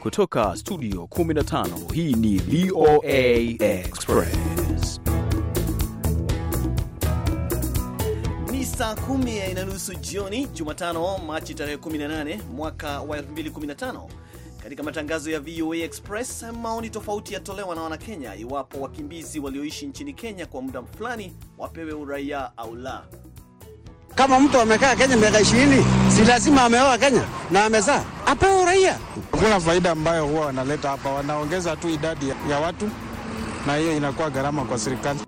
Kutoka studio 15 hii ni VOA Express. Ni saa kumi na nusu jioni Jumatano, Machi tarehe 18 mwaka wa 2015. Katika matangazo ya VOA Express, maoni tofauti yatolewa na Wanakenya iwapo wakimbizi walioishi nchini Kenya kwa muda fulani wapewe uraia au la. Kama mtu amekaa Kenya miaka ishirini, si lazima ameoa Kenya na amezaa, apewe uraia. Kuna faida ambayo huwa wanaleta hapa, wanaongeza tu idadi ya watu, na hiyo inakuwa gharama kwa serikali.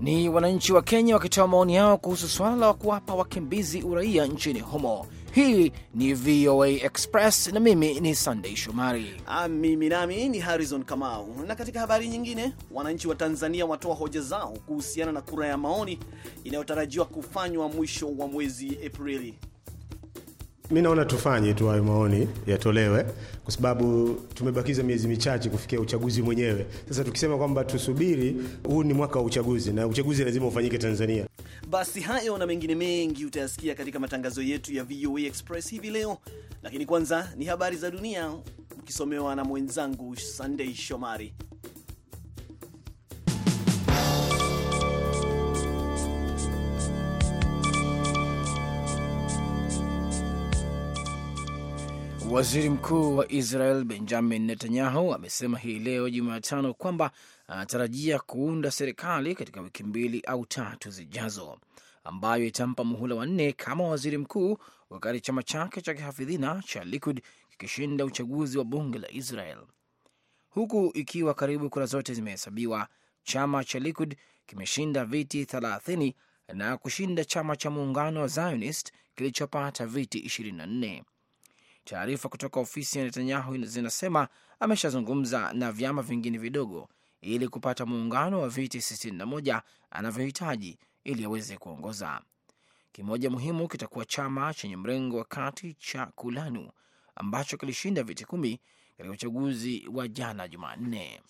Ni wananchi wa Kenya wakitoa maoni yao kuhusu swala la kuwapa wakimbizi uraia nchini humo. Hii ni VOA Express na mimi ni sandey Shomari. Ah, mimi nami ni Harrison Kamau. Na katika habari nyingine, wananchi wa Tanzania watoa hoja zao kuhusiana na kura ya maoni inayotarajiwa kufanywa mwisho wa mwezi Aprili. Mi naona tufanye tu hayo maoni yatolewe, kwa sababu tumebakiza miezi michache kufikia uchaguzi mwenyewe. Sasa tukisema kwamba tusubiri, huu ni mwaka wa uchaguzi na uchaguzi lazima ufanyike Tanzania. Basi hayo na mengine mengi utayasikia katika matangazo yetu ya VOA Express hivi leo, lakini kwanza ni habari za dunia ukisomewa na mwenzangu sandei Shomari. Waziri Mkuu wa Israel Benjamin Netanyahu amesema hii leo Jumatano kwamba anatarajia kuunda serikali katika wiki mbili au tatu zijazo, ambayo itampa muhula wanne kama waziri mkuu, wakati chama chake cha kihafidhina cha Likud kikishinda uchaguzi wa bunge la Israel. Huku ikiwa karibu kura zote zimehesabiwa, chama cha Likud kimeshinda viti 30 na kushinda chama cha muungano wa Zionist kilichopata viti 24. Taarifa kutoka ofisi ya Netanyahu zinasema ameshazungumza na vyama vingine vidogo ili kupata muungano wa viti 61 anavyohitaji ili aweze kuongoza. Kimoja muhimu kitakuwa chama chenye mrengo wa kati cha Kulanu ambacho kilishinda viti kumi katika uchaguzi wa jana Jumanne.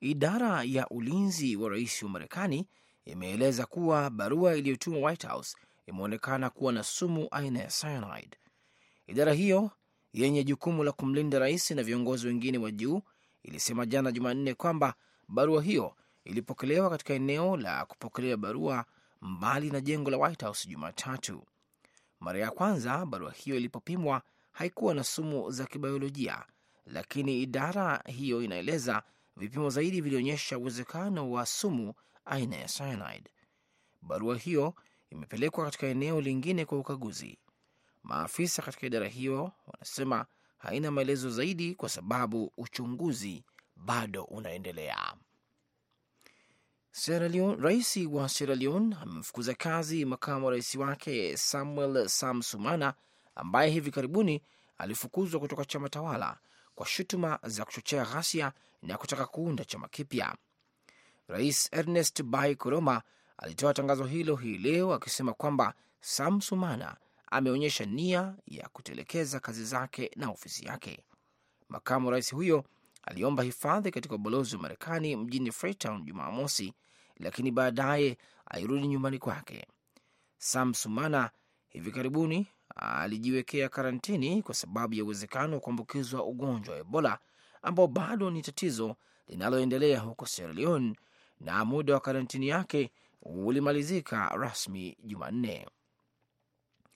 Idara ya ulinzi wa rais wa Marekani imeeleza kuwa barua iliyotumwa White House imeonekana kuwa na sumu aina ya cyanide Idara hiyo yenye jukumu la kumlinda rais na viongozi wengine wa juu ilisema jana Jumanne kwamba barua hiyo ilipokelewa katika eneo la kupokelea barua mbali na jengo la White House Jumatatu. Mara ya kwanza barua hiyo ilipopimwa haikuwa na sumu za kibiolojia, lakini idara hiyo inaeleza vipimo zaidi vilionyesha uwezekano wa sumu aina ya cyanide. Barua hiyo imepelekwa katika eneo lingine kwa ukaguzi. Maafisa katika idara hiyo wanasema haina maelezo zaidi kwa sababu uchunguzi bado unaendelea. Sierra Leone, rais wa Sierra Leone amemfukuza kazi makamu wa rais wake Samuel Samsumana ambaye hivi karibuni alifukuzwa kutoka chama tawala kwa shutuma za kuchochea ghasia na kutaka kuunda chama kipya. Rais Ernest Bai Koroma alitoa tangazo hilo hii leo akisema kwamba sam sumana ameonyesha nia ya kutelekeza kazi zake na ofisi yake. Makamu rais huyo aliomba hifadhi katika ubalozi wa Marekani mjini Freetown Jumamosi, lakini baadaye alirudi nyumbani kwake. Sam Sumana hivi karibuni alijiwekea karantini kwa sababu ya uwezekano wa kuambukizwa ugonjwa wa Ebola ambao bado ni tatizo linaloendelea huko Sierra Leone, na muda wa karantini yake ulimalizika rasmi Jumanne.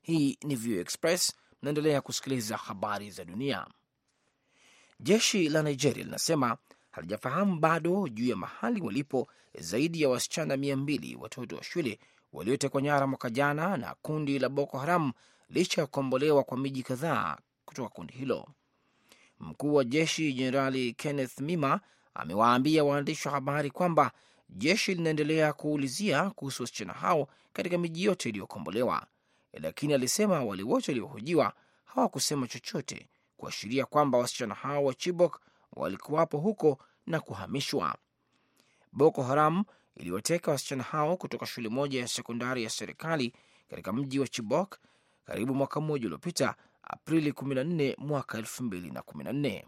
Hii ni vo Express, mnaendelea kusikiliza habari za dunia. Jeshi la Nigeria linasema halijafahamu bado juu ya mahali walipo zaidi ya wasichana mia mbili watoto wa shule waliotekwa nyara mwaka jana na kundi la Boko Haram licha ya kukombolewa kwa miji kadhaa kutoka kundi hilo. Mkuu wa jeshi Jenerali Kenneth Mima amewaambia waandishi wa habari kwamba jeshi linaendelea kuulizia kuhusu wasichana hao katika miji yote iliyokombolewa lakini alisema wale wote waliohojiwa hawakusema chochote kuashiria kwamba wasichana hao wa Chibok walikuwapo huko na kuhamishwa. Boko Haram iliwateka wasichana hao kutoka shule moja ya sekondari ya serikali katika mji wa Chibok karibu mwaka mmoja uliopita, Aprili 14 mwaka 2014.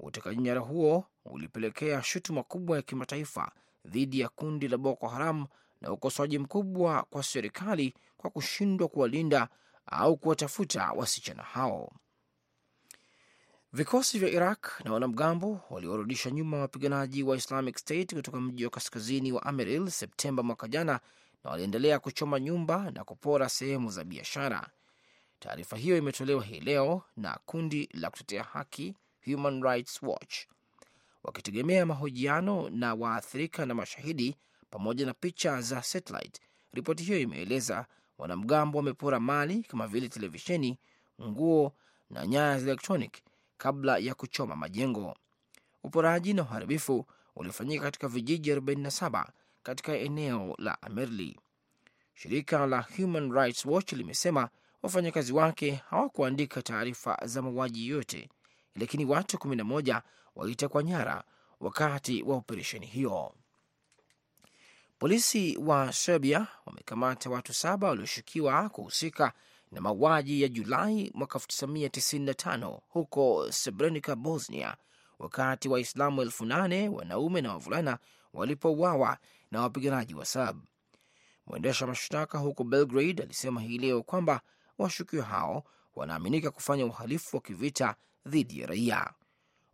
Utekaji nyara huo ulipelekea shutuma kubwa ya kimataifa dhidi ya kundi la Boko Haram na ukosoaji mkubwa kwa serikali kwa kushindwa kuwalinda au kuwatafuta wasichana hao. Vikosi vya Iraq na wanamgambo waliorudisha nyuma wapiganaji wa Islamic State kutoka mji wa kaskazini wa Amiril Septemba mwaka jana, na waliendelea kuchoma nyumba na kupora sehemu za biashara. Taarifa hiyo imetolewa hii leo na kundi la kutetea haki Human Rights Watch, wakitegemea mahojiano na waathirika na mashahidi pamoja na picha za satellite. Ripoti hiyo imeeleza wanamgambo wamepora mali kama vile televisheni, nguo na nyaya za electronic kabla ya kuchoma majengo. Uporaji na uharibifu ulifanyika katika vijiji 47 katika eneo la Amerli. Shirika la Human Rights Watch limesema wafanyakazi wake hawakuandika taarifa za mauaji yoyote, lakini watu 11 walitekwa nyara wakati wa operesheni hiyo. Polisi wa Serbia wamekamata watu saba walioshukiwa kuhusika na mauaji ya Julai mwaka 1995 huko Srebrenica, Bosnia, wakati Waislamu elfu nane wanaume na wavulana walipouawa na wapiganaji wa Serb. Mwendesha mashtaka huko Belgrade alisema hii leo kwamba washukiwa hao wanaaminika kufanya uhalifu wa kivita dhidi ya raia.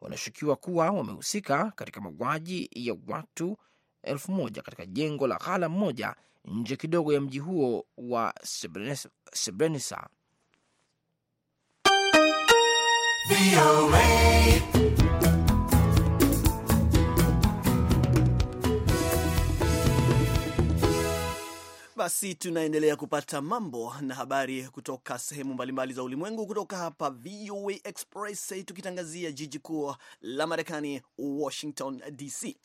Wanashukiwa kuwa wamehusika katika mauaji ya watu elfu moja katika jengo la ghala mmoja nje kidogo ya mji huo wa Srebrenica. Basi tunaendelea kupata mambo na habari kutoka sehemu mbalimbali za ulimwengu, kutoka hapa VOA Express, tukitangazia jiji kuu la Marekani, Washington DC.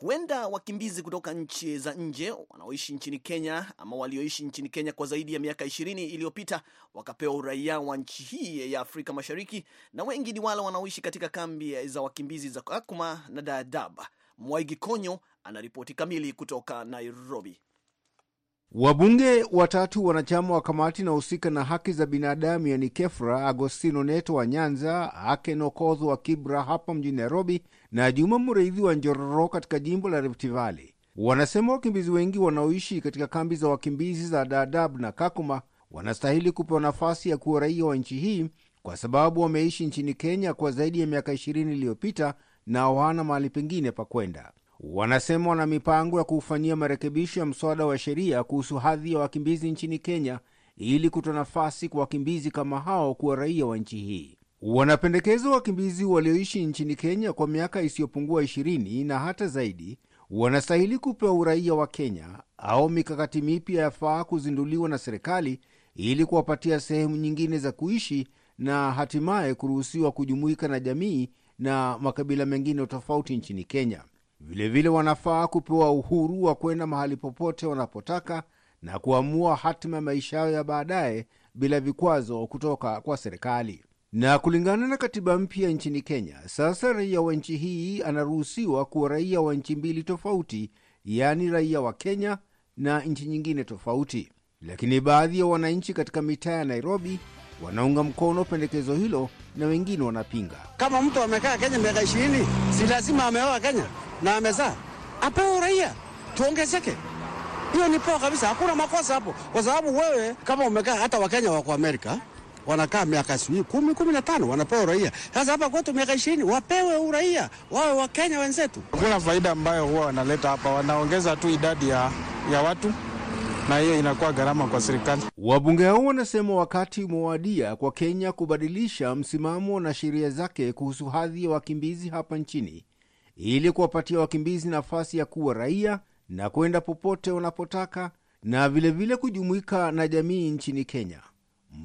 Huenda wakimbizi kutoka nchi za nje wanaoishi nchini Kenya ama walioishi nchini Kenya kwa zaidi ya miaka ishirini iliyopita wakapewa uraia wa nchi hii ya Afrika Mashariki, na wengi ni wale wanaoishi katika kambi za wakimbizi za Kakuma na Dadaab. Mwaigi Konyo ana ripoti kamili kutoka Nairobi. Wabunge watatu wanachama wa kamati inahusika na haki za binadamu yani KEFRA, Agostino Neto wa Nyanza, Aken Okoth wa Kibra hapa mjini Nairobi, na Juma Mureithi wa Njororo katika jimbo la Rift Valley wanasema wakimbizi wengi wanaoishi katika kambi za wakimbizi za Dadaab na Kakuma wanastahili kupewa nafasi ya kuwa raia wa nchi hii kwa sababu wameishi nchini Kenya kwa zaidi ya miaka 20 iliyopita na hawana mahali pengine pa kwenda. Wanasema wana mipango ya kuufanyia marekebisho ya mswada wa sheria kuhusu hadhi ya wakimbizi nchini Kenya ili kutoa nafasi kwa wakimbizi kama hao kuwa raia wa nchi hii. Wanapendekeza wakimbizi walioishi nchini Kenya kwa miaka isiyopungua 20 na hata zaidi wanastahili kupewa uraia wa Kenya au mikakati mipya yafaa kuzinduliwa na serikali ili kuwapatia sehemu nyingine za kuishi na hatimaye kuruhusiwa kujumuika na jamii na makabila mengine tofauti nchini Kenya. Vilevile wanafaa kupewa uhuru wa kwenda mahali popote wanapotaka na kuamua hatima ya maisha yao ya baadaye bila vikwazo kutoka kwa serikali. Na kulingana na katiba mpya nchini Kenya, sasa raia wa nchi hii anaruhusiwa kuwa raia wa nchi mbili tofauti, yaani raia wa Kenya na nchi nyingine tofauti. Lakini baadhi ya wananchi katika mitaa ya Nairobi wanaunga mkono pendekezo hilo na wengine wanapinga. Kama mtu amekaa Kenya miaka ishirini, si lazima ameoa Kenya na amezaa, apewe uraia, tuongezeke. Hiyo ni poa kabisa, hakuna makosa hapo, kwa sababu wewe kama umekaa hata Wakenya wako Amerika wanakaa miaka sijui kumi kumi na tano wanapewa uraia. Sasa hapa kwetu miaka ishirini wapewe uraia, wawe Wakenya wenzetu. Hakuna faida ambayo huwa wanaleta hapa, wanaongeza tu idadi ya, ya watu na hiyo inakuwa gharama kwa serikali. Wabunge hao wanasema wakati umewadia kwa Kenya kubadilisha msimamo na sheria zake kuhusu hadhi ya wakimbizi hapa nchini ili kuwapatia wakimbizi nafasi ya kuwa raia na kwenda popote wanapotaka na vilevile vile kujumuika na jamii nchini Kenya.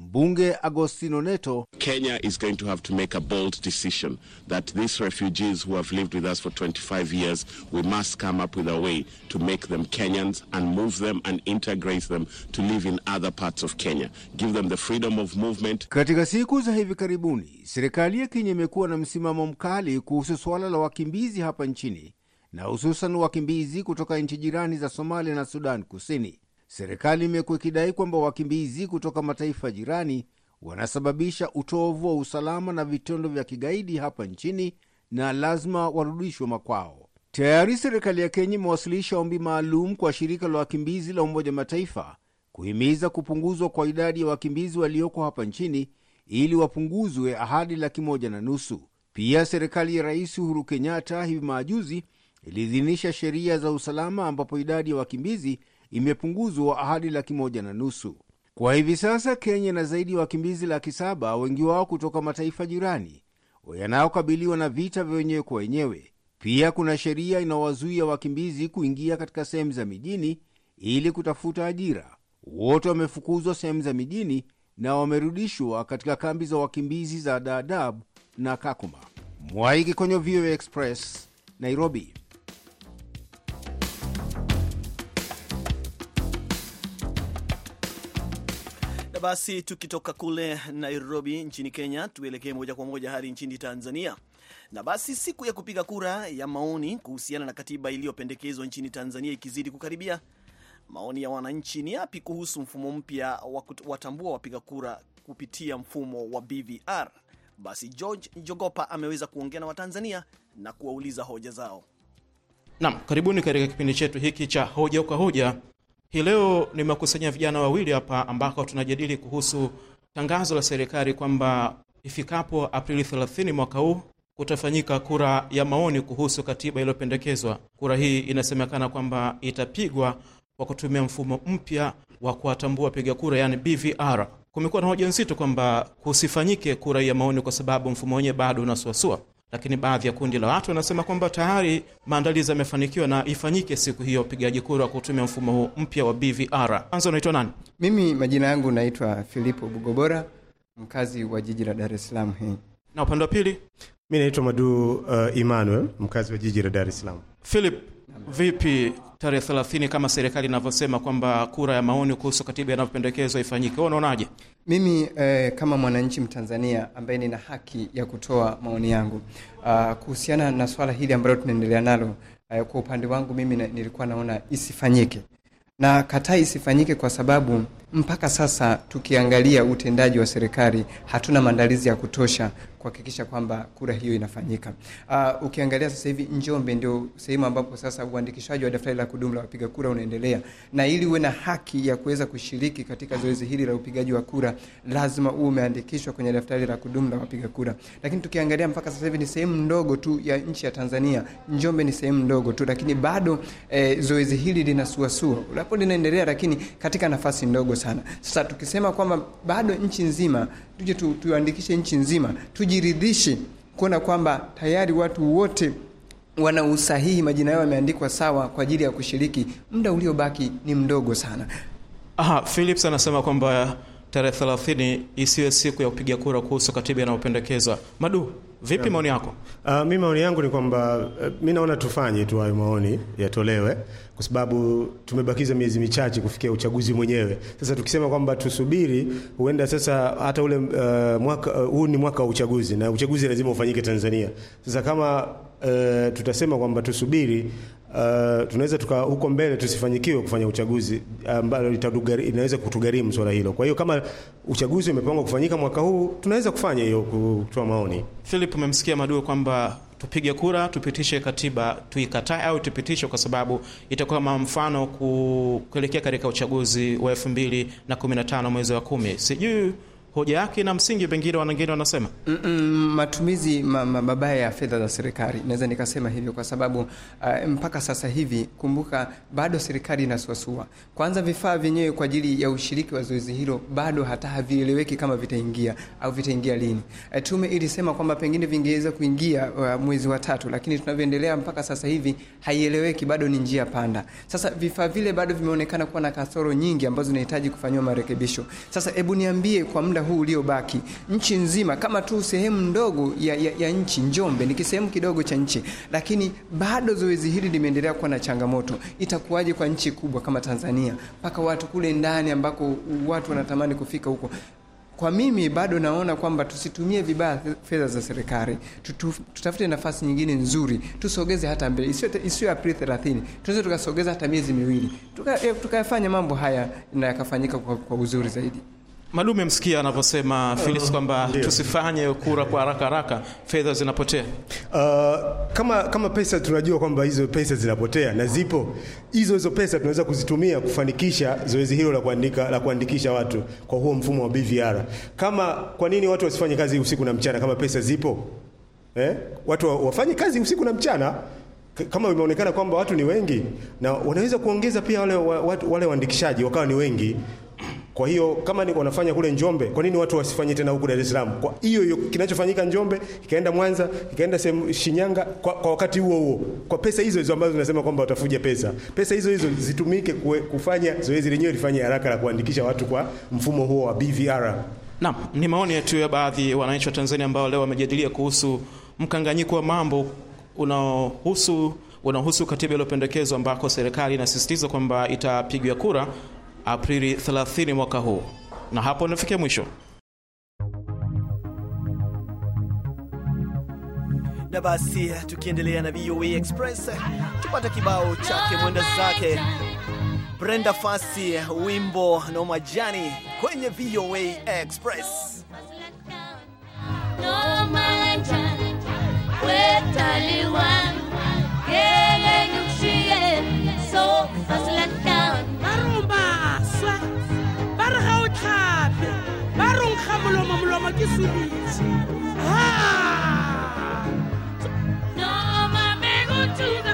Mbunge Agostino Neto, Kenya is going to have to make a bold decision that these refugees who have lived with us for 25 years, we must come up with a way to make them Kenyans and move them and integrate them to live in other parts of Kenya. Give them the freedom of movement. Katika siku za hivi karibuni, serikali ya Kenya imekuwa na msimamo mkali kuhusu suala la wakimbizi hapa nchini na hususan wakimbizi kutoka nchi jirani za Somalia na Sudan Kusini. Serikali imekuwa ikidai kwamba wakimbizi kutoka mataifa jirani wanasababisha utovu wa usalama na vitendo vya kigaidi hapa nchini na lazima warudishwe makwao. Tayari serikali ya Kenya imewasilisha ombi maalum kwa shirika la wakimbizi la Umoja Mataifa kuhimiza kupunguzwa kwa idadi ya wakimbizi walioko hapa nchini ili wapunguzwe ahadi laki moja na nusu. Pia serikali ya Rais Uhuru Kenyatta hivi majuzi iliidhinisha sheria za usalama ambapo idadi ya wakimbizi imepunguzwa hadi laki moja na nusu. Kwa hivi sasa Kenya ina zaidi ya wakimbizi laki saba, wengi wao kutoka mataifa jirani yanayokabiliwa na vita vya wenyewe kwa wenyewe. Pia kuna sheria inawazuia wakimbizi kuingia katika sehemu za mijini ili kutafuta ajira. Wote wamefukuzwa sehemu za mijini na wamerudishwa katika kambi za wakimbizi za Dadaab na Kakuma. Mwaiki kwenye VOA Express, Nairobi. basi tukitoka kule Nairobi nchini Kenya, tuelekee moja kwa moja hadi nchini Tanzania. Na basi siku ya kupiga kura ya maoni kuhusiana na katiba iliyopendekezwa nchini Tanzania ikizidi kukaribia, maoni ya wananchi ni yapi kuhusu mfumo mpya wa kuwatambua wapiga kura kupitia mfumo wa BVR? Basi George Njogopa ameweza kuongea na Watanzania na kuwauliza hoja zao. Naam, karibuni katika kipindi chetu hiki cha hoja kwa hoja hii leo nimekusanya vijana wawili hapa ambako tunajadili kuhusu tangazo la serikali kwamba ifikapo Aprili 30 mwaka huu kutafanyika kura ya maoni kuhusu katiba iliyopendekezwa. Kura hii inasemekana kwamba itapigwa kwa kutumia mfumo mpya wa kuwatambua piga kura, yani BVR. Kumekuwa na hoja nzito kwamba kusifanyike kura ya maoni kwa sababu mfumo wenyewe bado unasuasua lakini baadhi ya kundi la watu wanasema kwamba tayari maandalizi yamefanikiwa na ifanyike siku hiyo upigaji kura kutumia mfumo huu mpya wa BVR. anza unaitwa nani? Mimi majina yangu naitwa Filipo Bugobora, mkazi wa jiji la Dar es Salaam hii. Na upande wa pili, mi naitwa Madu uh, Emmanuel, mkazi wa jiji la Dar es Salaam. Philip, Vipi tarehe 30 kama serikali inavyosema kwamba kura ya maoni kuhusu katiba inavyopendekezwa ifanyike, wewe unaonaje? Mimi eh, kama mwananchi Mtanzania ambaye nina haki ya kutoa maoni yangu uh, kuhusiana na swala hili ambalo tunaendelea nalo uh, kwa upande wangu mimi nilikuwa naona isifanyike na kataa isifanyike kwa sababu mpaka sasa tukiangalia utendaji wa serikali, hatuna maandalizi ya kutosha kuhakikisha kwamba kura hiyo inafanyika. Uh, ukiangalia sasa hivi Njombe ndio sehemu ambapo sasa uandikishaji wa daftari la kudumu la wapiga kura unaendelea, na ili uwe na haki ya kuweza kushiriki katika zoezi hili la upigaji wa kura lazima uwe umeandikishwa kwenye daftari la kudumu la wapiga kura. Lakini tukiangalia mpaka sasa hivi ni sehemu ndogo tu ya nchi ya Tanzania, Njombe ni sehemu ndogo tu, lakini bado eh, zoezi hili linasuasua, lapo linaendelea, lakini katika nafasi ndogo sana. Sasa tukisema kwamba bado nchi nzima, tuje tu, tuandikishe nchi nzima, tujiridhishe kuona kwamba tayari watu wote wana usahihi, majina yao yameandikwa sawa kwa ajili ya kushiriki. Muda uliobaki ni mdogo sana. Aha, Philips anasema kwamba tarehe 30 isiwe siku ya kupiga kura kuhusu katiba inayopendekezwa madu Vipi maoni yako? Uh, mi maoni yangu ni kwamba uh, mi naona tufanye tu hayo maoni yatolewe, kwa sababu tumebakiza miezi michache kufikia uchaguzi mwenyewe. Sasa tukisema kwamba tusubiri, huenda sasa hata ule uh, mwaka uh, huu uh, ni mwaka wa uchaguzi na uchaguzi lazima ufanyike Tanzania. Sasa kama uh, tutasema kwamba tusubiri uh, tunaweza tuka huko mbele tusifanyikiwe kufanya uchaguzi ambalo uh, inaweza kutugharimu swala hilo. Kwa hiyo kama uchaguzi umepangwa kufanyika mwaka huu, tunaweza kufanya hiyo, kutoa maoni. Philip, umemsikia Maduo kwamba tupige kura tupitishe katiba, tuikatae au tupitishe, kwa sababu itakuwa kama mfano kuelekea katika uchaguzi wa elfu mbili na kumi na tano mwezi wa kumi. Sijui hoja yake na msingi, pengine wanangine wanasema mm -mm, matumizi mabaya ya fedha za serikali. Naweza nikasema hivyo kwa sababu uh, mpaka sasa hivi kumbuka, bado serikali inasuasua. Kwanza vifaa vyenyewe kwa ajili ya ushiriki wa zoezi hilo bado hata havieleweki kama vitaingia au vitaingia lini. Uh, tume ilisema kwamba pengine vingeweza kuingia uh, mwezi wa tatu, lakini tunavyoendelea mpaka sasa hivi haieleweki, bado ni njia panda. Sasa vifaa vile bado vimeonekana kuwa na kasoro nyingi ambazo zinahitaji kufanyiwa marekebisho. Sasa hebu niambie kwa muda huu uliobaki nchi nzima, kama tu sehemu ndogo ya, ya, ya nchi. Njombe ni kisehemu kidogo cha nchi, lakini bado zoezi hili limeendelea kuwa na changamoto. Itakuwaje kwa nchi kubwa kama Tanzania, mpaka watu kule ndani ambako watu wanatamani kufika huko? Kwa mimi bado naona kwamba tusitumie vibaya fedha za serikali, tutafute nafasi nyingine nzuri, tusogeze hata mbele, isiyo Aprili 30, tunaweza tukasogeza hata miezi miwili, eh, tukayafanya tuka mambo haya na yakafanyika kwa, kwa uzuri zaidi. Malume msikia anavyosema Felix kwamba tusifanye kura kwa haraka haraka, fedha zinapotea. Uh, kama kama pesa tunajua kwamba hizo pesa zinapotea na zipo hizo hizo pesa tunaweza kuzitumia kufanikisha zoezi hilo la kuandika la kuandikisha watu kwa huo mfumo wa BVR. Kama kwa nini watu wasifanye kazi usiku na mchana kama pesa zipo? Eh? Watu wafanye kazi usiku na mchana kama imeonekana kwamba watu ni wengi na wanaweza kuongeza pia wale watu, wale waandikishaji wakawa ni wengi kwa hiyo kama ni wanafanya kule Njombe, kwa nini watu wasifanye tena huku Dar es Salaam? Kwa hiyo hiyo kinachofanyika Njombe kikaenda Mwanza, kikaenda Shinyanga kwa, kwa wakati huo huo, kwa pesa hizo hizo ambazo tunasema kwamba watafuja pesa, pesa hizo hizo zitumike kwe, kufanya zoezi lenyewe lifanye haraka la kuandikisha watu kwa mfumo huo wa BVR. Naam, ni maoni yetu ya baadhi ya wananchi wa Tanzania ambao leo wamejadilia kuhusu mkanganyiko wa mambo unaohusu unaohusu katiba iliyopendekezwa ambako serikali inasisitiza kwamba itapigwa kura Aprili 30 mwaka huu, na hapo nifike mwisho. Na basi tukiendelea na VOA Express tupata kibao chake mwenda zake Brenda Fasi, wimbo no majani kwenye VOA Express no felicidades. ¡Ah! No to the.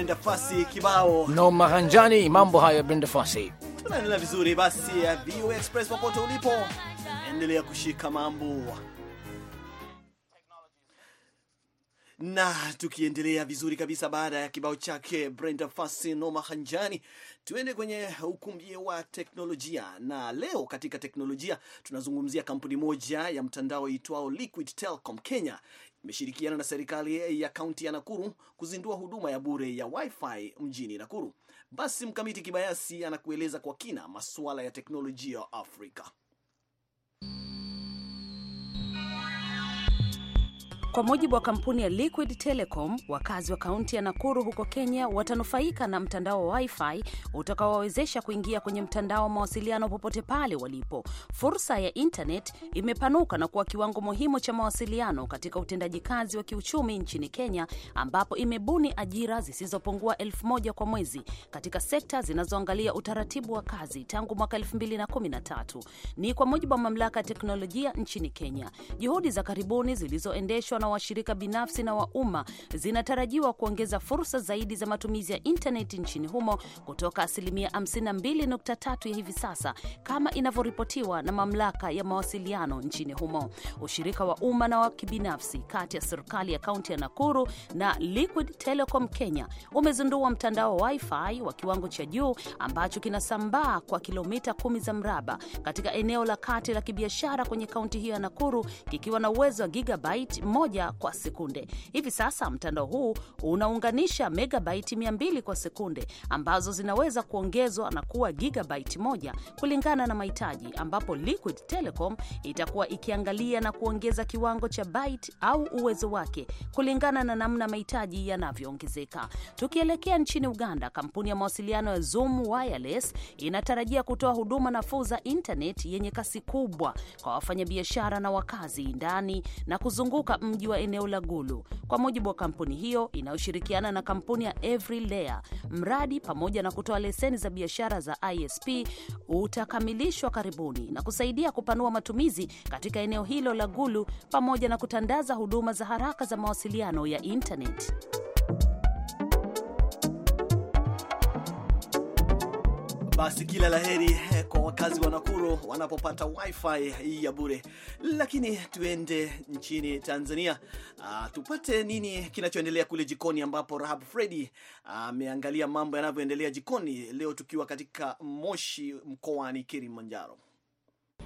Brenda Fasi kibao no maranjani. Mambo hayo Brenda Fasi, tunaendelea vizuri basi ya VOA Express. Popote ulipo, endelea kushika mambo na tukiendelea vizuri kabisa. Baada ya kibao chake Brenda Fassie no mahanjani, tuende kwenye ukumbi wa teknolojia. Na leo katika teknolojia tunazungumzia kampuni moja ya mtandao itwao Liquid Telecom Kenya imeshirikiana na serikali ya kaunti ya Nakuru kuzindua huduma ya bure ya wifi mjini Nakuru. Basi Mkamiti Kibayasi anakueleza kwa kina masuala ya teknolojia Afrika. Kwa mujibu wa kampuni ya Liquid Telecom, wakazi wa kaunti ya Nakuru huko Kenya watanufaika na mtandao wa wifi utakaowawezesha kuingia kwenye mtandao wa mawasiliano popote pale walipo. Fursa ya intanet imepanuka na kuwa kiwango muhimu cha mawasiliano katika utendaji kazi wa kiuchumi nchini Kenya, ambapo imebuni ajira zisizopungua elfu moja kwa mwezi katika sekta zinazoangalia utaratibu wa kazi tangu mwaka 2013. Ni kwa mujibu wa mamlaka ya teknolojia nchini Kenya. Juhudi za karibuni zilizoendeshwa na washirika binafsi na wa umma zinatarajiwa kuongeza fursa zaidi za matumizi ya intaneti nchini humo kutoka asilimia 52.3 ya hivi sasa kama inavyoripotiwa na mamlaka ya mawasiliano nchini humo. Ushirika wa umma na wa kibinafsi kati ya serikali ya kaunti ya Nakuru na Liquid Telecom Kenya umezindua mtandao wa wifi wa kiwango cha juu ambacho kinasambaa kwa kilomita kumi za mraba katika eneo la kati la kibiashara kwenye kaunti hiyo ya Nakuru kikiwa na uwezo wa gigabyte moja kwa sekunde. Hivi sasa mtandao huu unaunganisha megabaiti 200 kwa sekunde ambazo zinaweza kuongezwa na kuwa gigabaiti moja kulingana na mahitaji, ambapo Liquid Telecom itakuwa ikiangalia na kuongeza kiwango cha bait au uwezo wake kulingana na namna mahitaji yanavyoongezeka. Tukielekea nchini Uganda, kampuni ya mawasiliano ya Zoom Wireless inatarajia kutoa huduma nafuu za intaneti yenye kasi kubwa kwa wafanyabiashara na wakazi ndani na kuzunguka mji mji wa eneo la Gulu. Kwa mujibu wa kampuni hiyo inayoshirikiana na kampuni ya Every Layer, mradi pamoja na kutoa leseni za biashara za ISP utakamilishwa karibuni na kusaidia kupanua matumizi katika eneo hilo la Gulu pamoja na kutandaza huduma za haraka za mawasiliano ya intaneti. Basi kila laheri eh, kwa wakazi wa Nakuru wanapopata wifi hii ya bure. Lakini tuende nchini Tanzania, uh, tupate nini kinachoendelea kule jikoni, ambapo Rahab Fredi ah, ameangalia uh, mambo yanavyoendelea jikoni leo tukiwa katika Moshi mkoani Kilimanjaro.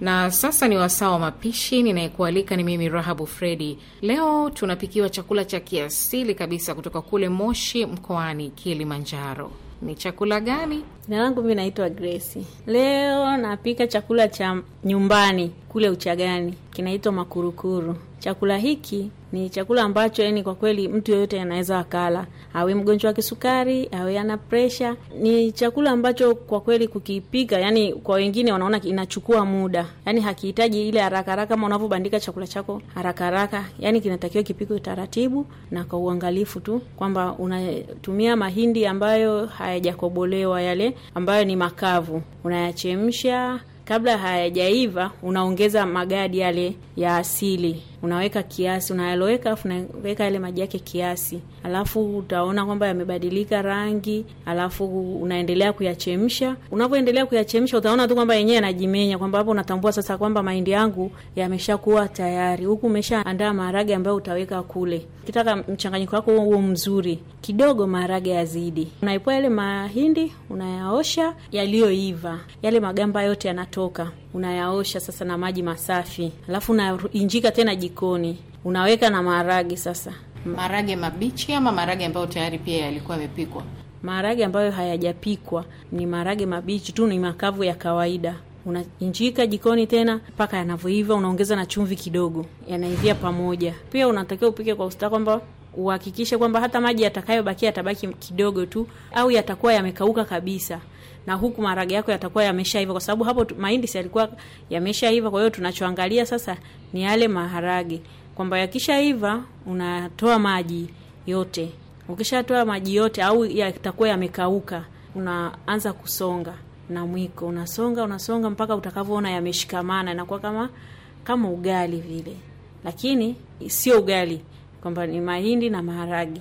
Na sasa ni wasaa wa mapishi. Ninayekualika ni mimi Rahabu Fredi. Leo tunapikiwa chakula cha kiasili kabisa kutoka kule Moshi mkoani Kilimanjaro. Ni chakula gani? Jina langu mimi naitwa Grace. Leo napika chakula cha nyumbani kule Uchagani, kinaitwa makurukuru. Chakula hiki ni chakula ambacho yani kwa kweli mtu yoyote anaweza akala, awe mgonjwa wa kisukari, awe ana presha. Ni chakula ambacho kwa kweli kukipika, yani kwa wengine wanaona inachukua muda, yani hakihitaji ile haraka haraka kama unavyobandika chakula chako haraka haraka. Yani kinatakiwa kipikwe taratibu na kwa uangalifu tu, kwamba unatumia mahindi ambayo hayajakobolewa yale ambayo ni makavu, unayachemsha kabla hayajaiva, unaongeza magadi yale ya asili unaweka kiasi, unayaloweka alafu unaweka yale maji yake kiasi, alafu utaona kwamba yamebadilika rangi, alafu unaendelea kuyachemsha. Unavyoendelea kuyachemsha, utaona tu kwamba yenyewe yanajimenya, kwamba hapo unatambua sasa kwamba mahindi yangu yameshakuwa tayari. Huku umeshaandaa maharage ambayo utaweka kule. Ukitaka mchanganyiko wako huo mzuri, kidogo maharage yazidi. Unaipoa yale mahindi, unayaosha yaliyoiva, yale magamba yote yanatoka unayaosha sasa na maji masafi, alafu unainjika tena jikoni, unaweka na maharage sasa. Maharage mabichi ama maharage ambayo tayari pia yalikuwa yamepikwa? Maharage ambayo hayajapikwa ni maharage mabichi tu, ni makavu ya kawaida unainjika jikoni tena mpaka yanavyoiva, unaongeza na chumvi kidogo, yanaivia pamoja. Pia unatakiwa upike kwa usta, kwamba uhakikishe kwamba hata maji yatakayobakia yatabaki kidogo tu, au yatakuwa yamekauka kabisa na huku maharage yako yatakuwa yameshaiva, kwa sababu hapo mahindi si yalikuwa yameshaiva. Kwa hiyo tunachoangalia sasa ni yale maharage kwamba yakishaiva unatoa maji yote. Ukishatoa maji yote au yatakuwa yamekauka, unaanza kusonga na mwiko, unasonga unasonga mpaka utakavyoona yameshikamana, inakuwa kama kama ugali vile, lakini sio ugali, kwamba ni mahindi na maharage.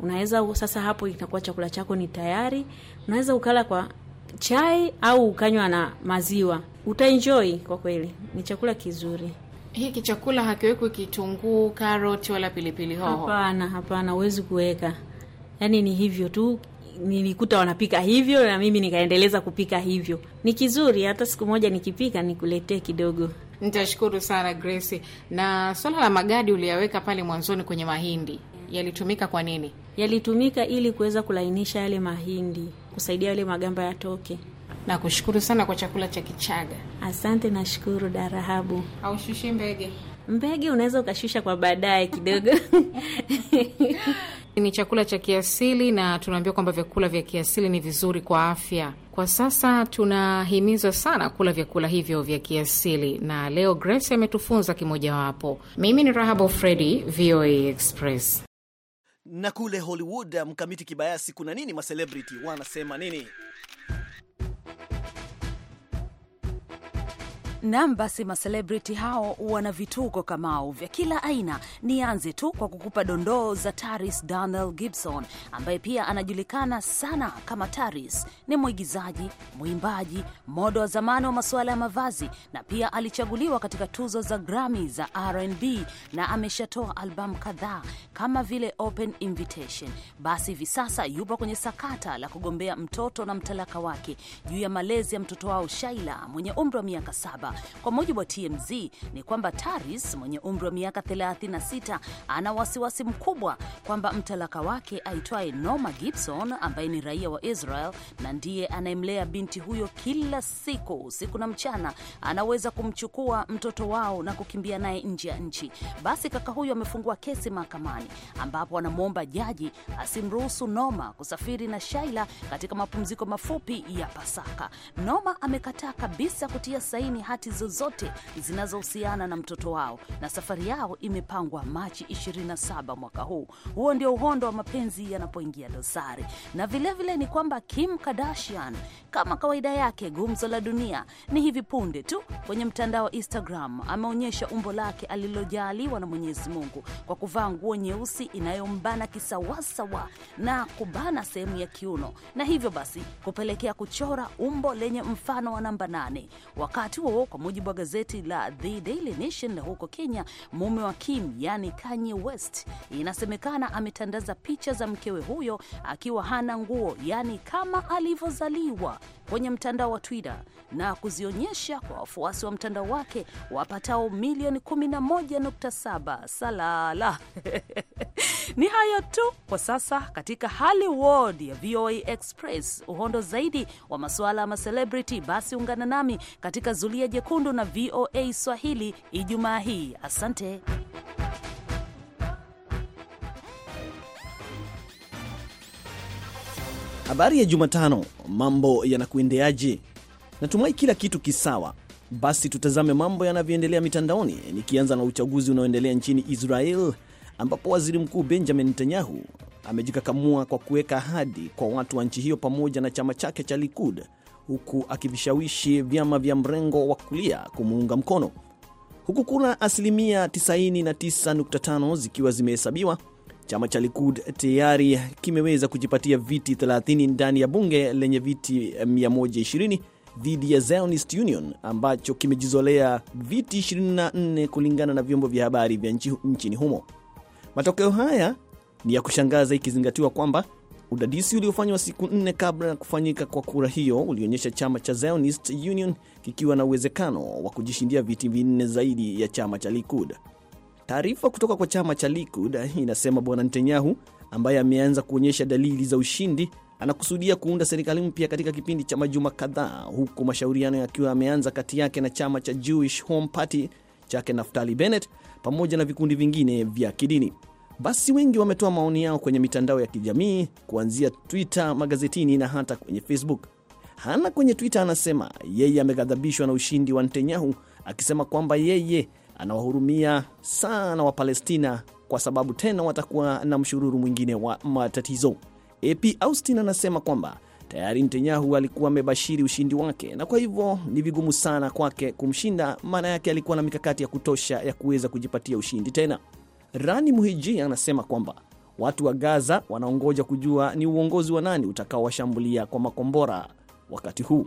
Unaweza sasa, hapo inakuwa chakula chako ni tayari. Unaweza ukala kwa chai au ukanywa na maziwa, utaenjoi kwa kweli. Ni chakula kizuri. Hiki chakula hakiwekwi kitunguu, karoti wala pilipili hoho? Hapana, hapana, huwezi kuweka. Yaani ni hivyo tu nilikuta wanapika hivyo na mimi nikaendeleza kupika hivyo. Ni kizuri, hata siku moja nikipika nikuletee kidogo. Nitashukuru sana Grace. Na swala la magadi uliyaweka pale mwanzoni kwenye mahindi, yalitumika kwa nini? Yalitumika ili kuweza kulainisha yale mahindi kusaidia yale magamba yatoke. Nakushukuru sana kwa chakula cha Kichaga. Asante, nashukuru Darahabu. Aushushi mbege? Mbege unaweza ukashusha kwa baadaye kidogo. Ni chakula cha kiasili na tunaambiwa kwamba vyakula vya kiasili ni vizuri kwa afya. Kwa sasa tunahimizwa sana kula vyakula hivyo vya kiasili, na leo Grace ametufunza kimojawapo. Mimi ni rahabu Fredi, VOA Express na kule Hollywood, mkamiti kibayasi, kuna nini? Macelebrity wanasema nini? Nam, basi macelebrity hao wana vituko kamao vya kila aina. Nianze tu kwa kukupa dondoo za Taris Daniel Gibson ambaye pia anajulikana sana kama Taris. Ni mwigizaji, mwimbaji, modo wa zamani wa masuala ya mavazi na pia alichaguliwa katika tuzo za Grammy za rnb na ameshatoa albamu kadhaa kama vile Open Invitation. Basi hivi sasa yupo kwenye sakata la kugombea mtoto na mtalaka wake juu ya malezi ya mtoto wao Shaila mwenye umri wa miaka saba hapa. Kwa mujibu wa TMZ ni kwamba Taris mwenye umri wa miaka 36 ana wasiwasi mkubwa kwamba mtalaka wake aitwaye Norma Gibson ambaye ni raia wa Israel na ndiye anayemlea binti huyo kila siku usiku na mchana, anaweza kumchukua mtoto wao na kukimbia naye nje ya nchi. Basi kaka huyo amefungua kesi mahakamani, ambapo anamwomba jaji asimruhusu Norma kusafiri na Shaila katika mapumziko mafupi ya Pasaka. Norma amekataa kabisa kutia saini hati zozote zinazohusiana na mtoto wao, na safari yao imepangwa Machi 27 mwaka huu. Huo ndio uhondo wa mapenzi yanapoingia dosari. Na vilevile vile ni kwamba Kim Kardashian, kama kawaida yake, gumzo la dunia ni hivi punde tu kwenye mtandao wa Instagram ameonyesha umbo lake alilojaaliwa na Mwenyezi Mungu kwa kuvaa nguo nyeusi inayombana kisawasawa na kubana sehemu ya kiuno na hivyo basi kupelekea kuchora umbo lenye mfano wa namba nane. Wakati huo kwa mujibu wa gazeti la The Daily Nation huko Kenya, mume wa Kim yani Kanye West inasemekana ametandaza picha za mkewe huyo akiwa hana nguo, yani kama alivyozaliwa kwenye mtandao wa Twitter na kuzionyesha kwa wafuasi wa mtandao wake wapatao milioni 11.7. Salala ni hayo tu kwa sasa katika Hollywood ya VOA Express. Uhondo zaidi wa masuala ya macelebrity, basi ungana nami katika Zulia Jekundu na VOA Swahili Ijumaa hii. Asante. Habari ya Jumatano, mambo yanakuendeaje? Natumai kila kitu kisawa. Basi tutazame mambo yanavyoendelea mitandaoni, nikianza na uchaguzi unaoendelea nchini Israel ambapo waziri mkuu Benjamin Netanyahu amejikakamua kwa kuweka ahadi kwa watu wa nchi hiyo pamoja na chama chake cha Likud, huku akivishawishi vyama vya mrengo wa kulia kumuunga mkono, huku kuna asilimia 99.5 zikiwa zimehesabiwa Chama cha Likud tayari kimeweza kujipatia viti 30 ndani ya bunge lenye viti 120 dhidi ya Zionist Union ambacho kimejizolea viti 24 kulingana na vyombo vya habari vya nchini humo. Matokeo haya ni ya kushangaza ikizingatiwa kwamba udadisi uliofanywa siku nne kabla ya kufanyika kwa kura hiyo ulionyesha chama cha Zionist Union kikiwa na uwezekano wa kujishindia viti vinne zaidi ya chama cha Likud. Taarifa kutoka kwa chama cha Likud inasema Bwana Netanyahu ambaye ameanza kuonyesha dalili za ushindi anakusudia kuunda serikali mpya katika kipindi cha majuma kadhaa, huku mashauriano yakiwa yameanza kati yake na chama cha Jewish Home Party chake Naftali Bennett pamoja na vikundi vingine vya kidini. Basi wengi wametoa maoni yao kwenye mitandao ya kijamii kuanzia Twitter, magazetini na hata kwenye Facebook. Hana kwenye Twitter anasema yeye ameghadhabishwa na ushindi wa Netanyahu akisema kwamba yeye anawahurumia sana Wapalestina kwa sababu tena watakuwa na mshururu mwingine wa matatizo. AP Austin anasema kwamba tayari Netanyahu alikuwa amebashiri ushindi wake na kwa hivyo ni vigumu sana kwake kumshinda. Maana yake alikuwa na mikakati ya kutosha ya kuweza kujipatia ushindi tena. Rani Muhiji anasema kwamba watu wa Gaza wanaongoja kujua ni uongozi wa nani utakaowashambulia kwa makombora wakati huu.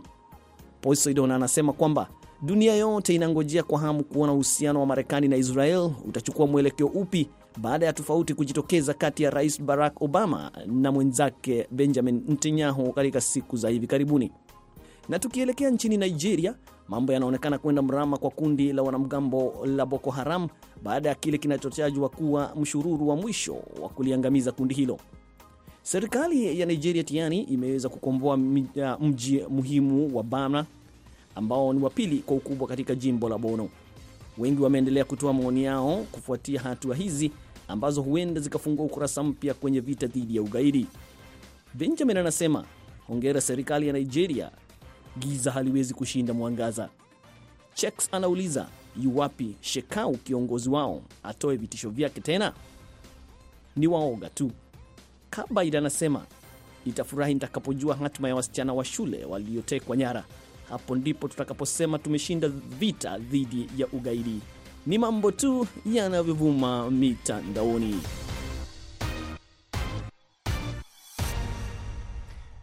Poseidon anasema kwamba Dunia yote inangojea kwa hamu kuona uhusiano wa Marekani na Israel utachukua mwelekeo upi baada ya tofauti kujitokeza kati ya Rais Barack Obama na mwenzake Benjamin Netanyahu katika siku za hivi karibuni. Na tukielekea nchini Nigeria, mambo yanaonekana kwenda mrama kwa kundi la wanamgambo la Boko Haram baada ya kile kinachotajwa kuwa mshururu wa mwisho wa kuliangamiza kundi hilo. Serikali ya Nigeria tiani imeweza kukomboa mji muhimu wa bana ambao ni wa pili kwa ukubwa katika jimbo la Bono. Wengi wameendelea kutoa maoni yao kufuatia hatua hizi ambazo huenda zikafungua ukurasa mpya kwenye vita dhidi ya ugaidi. Benjamin anasema hongera serikali ya Nigeria, giza haliwezi kushinda mwangaza. Cheks anauliza yuwapi Shekau kiongozi wao atoe vitisho vyake tena, ni waoga tu. Kabaid anasema itafurahi nitakapojua hatima ya wasichana wa shule waliotekwa nyara. Hapo ndipo tutakaposema tumeshinda vita dhidi ya ugaidi. Ni mambo tu yanavyovuma mitandaoni.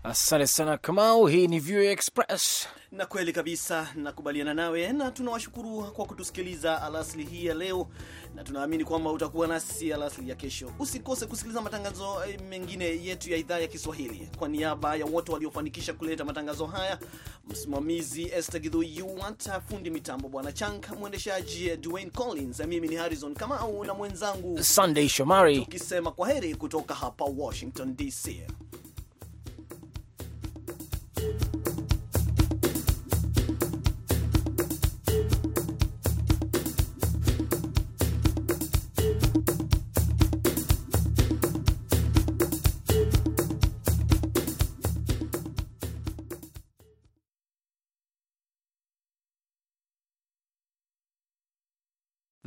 Asante sana Kamau, hii ni VOA Express na kweli kabisa nakubaliana nawe, na tunawashukuru kwa kutusikiliza alasli hii ya leo, na tunaamini kwamba utakuwa nasi alasli ya kesho. Usikose kusikiliza matangazo eh, mengine yetu ya idhaa ya Kiswahili. Kwa niaba ya wote waliofanikisha kuleta matangazo haya, msimamizi Esther Gidhu fundi mitambo Bwana Chank, mwendeshaji eh, Dwayne Collins, mimi ni Harrison Kamau na mwenzangu Sunday Shomari, tukisema kwa heri kutoka hapa Washington DC.